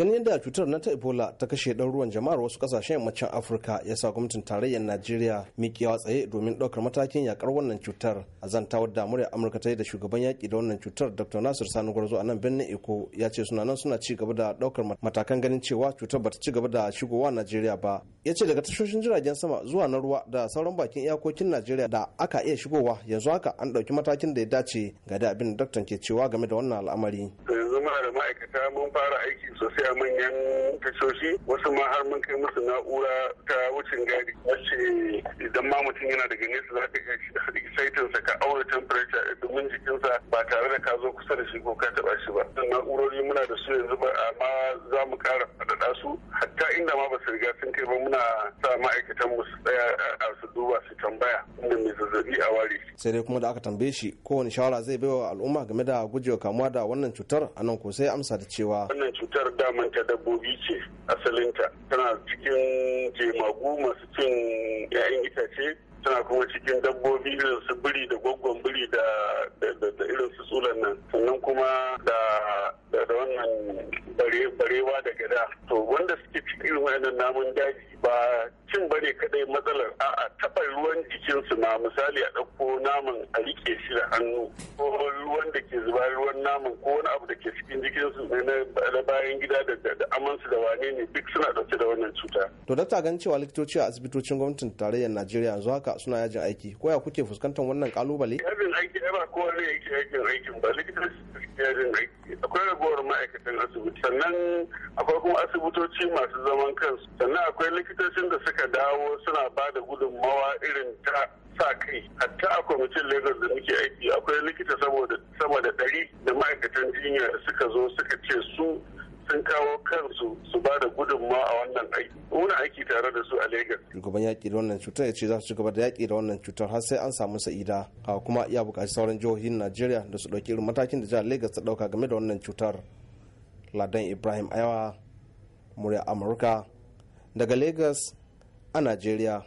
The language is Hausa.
ganin yadda cutar na ta ebola ta kashe dan ruwan jama'ar wasu kasashen yammacin afirka ya sa gwamnatin tarayyar najeriya miƙewa tsaye domin ɗaukar matakin yakar wannan cutar a zantawar da muryar amurka ta yi da shugaban yaƙi da wannan cutar dr nasir sani gwarzo a nan birnin eko ya ce suna nan suna ci gaba da ɗaukar matakan ganin cewa cutar bata ci gaba da shigowa najeriya ba ya ce daga tashoshin jiragen sama zuwa na ruwa da sauran bakin iyakokin najeriya da aka iya shigowa yanzu haka an ɗauki matakin da ya dace ga da abin da daktan ke cewa game da wannan al'amari. Eh, muna da ma'aikata mun fara aiki sosai a manyan tashoshi wasu ma har mun kai musu na'ura ta wucin gadi wacce idan ma mutum yana daga nesa za ka iya sa ka aure temperature domin jikinsa ba tare da ka zo kusa da shi ko ka taba shi ba. Na'urori muna da su yanzu ba amma za mu kara kuma muna sa ma'aikatan mu su tsaya a su duba su tambaya inda mai zazzabi a ware sai dai kuma da aka tambaye shi kowane shawara zai wa al'umma game da gujewa kamuwa da wannan cutar a nan ko sai amsa da cewa wannan cutar daman ta dabbobi ce asalinta tana cikin jemagu masu cin 'ya'yan itace tana kuma cikin dabbobi irin su biri da gwaggon biri da irin su tsulan nan sannan kuma da barewa da gada to wanda suke cikin irin namun daji ba cin bane kadai matsalar a'a taɓa ruwan jikinsu na misali a ɗauko naman a rike shi da hannu ko ruwan da ke zuba ruwan naman ko wani abu da ke cikin jikinsu na bayan gida da amansu da wane ne duk suna ɗauke da wannan cuta. to dakta gan cewa likitoci a asibitocin gwamnatin tarayyar najeriya yanzu haka suna yajin aiki ko ya kuke fuskantar wannan kalubale. yajin aiki ba kowane yake yajin aikin ba likitoci yajin aiki akwai ragowar ma'aikatan asibiti sannan akwai kuma asibitoci masu zaman kansu sannan akwai likitocin da suka dawo suna ba da gudunmawa irin ta sa kai hatta a kwamitin lagos da muke aiki akwai likita saboda sama da ɗari da ma'aikatan jinya da suka zo suka ce su sun kawo kansu su ba da gudunmawa a wannan aiki muna aiki tare da su a Legas. Shugaban yaƙi da wannan cutar ya ce za su ci gaba da yaƙi da wannan cutar har sai an samu sa'ida haka kuma iya buƙaci sauran jihohin Najeriya da su ɗauki irin matakin da jihar Legas ta ɗauka game da wannan cutar. Ladan Ibrahim Ayawa, murya Amurka, daga Legas a Najeriya.